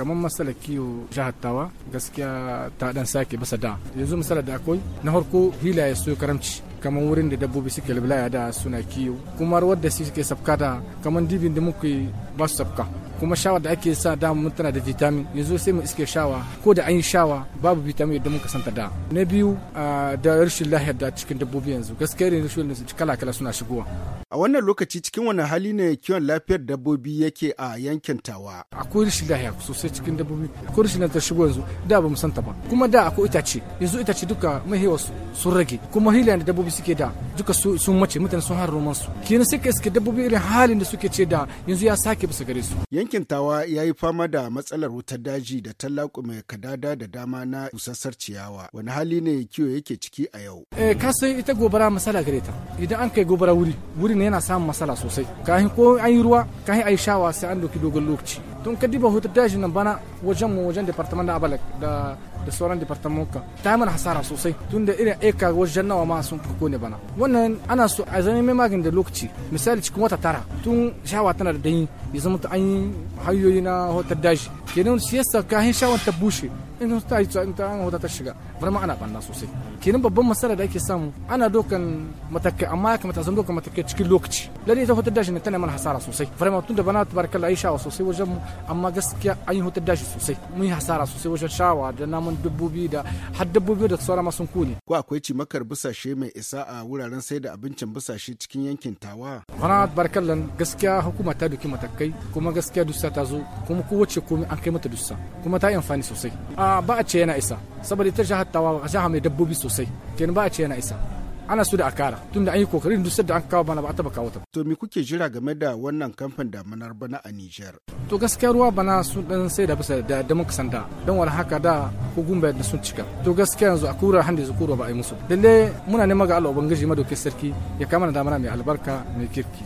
kamar masalar kiwo jihar tawa gaskiya ta dan sake basa da yanzu misalar da akwai na farko ya so karamci kamar wurin da dabbobi suke labilaya da suna kiwo kuma wadda da su suke sabkata kamar dibin da muke ba su sabka kuma shawa da ake sa da mun tana da vitamin yanzu sai mu iske shawa ko da an yi shawa babu vitamin yadda muka santa da na biyu ah, da rashin lahiyar da cikin dabbobi yanzu gaskiya rashin kala kala suna shigowa A wannan lokaci cikin wani hali ne kiwon lafiyar dabbobi yake a yankin tawa. Akwai rashin lahiya sosai cikin dabbobi, akwai rashin lafiya shigo yanzu da ba mu san ta ba. Kuma da akwai itace, yanzu itace duka mahewa sun rage. Kuma hila da dabbobi suke da duka sun mace mutane sun har romansu su. Kenan sai iske dabbobi irin halin da suke ce da yanzu ya sake bisa gare su. Yankin tawa ya yi fama da matsalar wutar daji da tallaku mai kadada da dama na busassar ciyawa. Wani hali ne kiwo yake ciki a yau. Eh ka san ita gobara masala gare ta. Idan an kai gobara wuri, wuri ne yana samun matsala sosai kahin ko an yi ruwa kahin a yi shawa sai an doki dogon lokaci tun ka diba hutu daji nan bana wajen mu wajen departament da abalak da da sauran ka ta mana hasara sosai tun da irin aika wajen nawa ma sun kako ne bana wannan ana so a zama mai magani da lokaci misali cikin wata tara tun shawa tana da danyi ya zama an yi hanyoyi na hutu daji kenan shi yasa kahin shawan ta bushe in ta yi ta an wadata shiga vraiment ana banna sosai kenan babban masala da ake samu ana dokan matakai amma ya kamata zan dokan matakai cikin lokaci lalle ita hutar dashi ne tana mana hasara sosai vraiment tunda bana tabarakallah yi shawa sosai wajen mu amma gaskiya an yi hutar dashi sosai mun yi hasara sosai wajen shawa da namun dabbobi da har dabbobi da sauran masun kone ko akwai cimakar busashe mai isa a wuraren sai da abincin busashe cikin yankin tawa bana tabarakallah gaskiya hukuma ta doki matakai kuma gaskiya dusa ta zo kuma kowace komai an kai mata dussa kuma ta yi amfani sosai a ba a ce yana isa saboda ta jihar tawa jiha mai dabbobi sosai kenan ba a ce yana isa ana su da a kara tun da an yi kokari dusar da an kawo bana ba a taba kawo ta to me kuke jira game da wannan kamfan damanar bana a Niger to gaskiya ruwa bana su dan sai da bisa da da muka sanda dan wala haka da hukum bai da sun cika to gaskiya yanzu a kura hande su kura ba a yi musu dalle muna neman ga Allah ubangiji madaukakin sarki ya kama da damana mai albarka mai kirki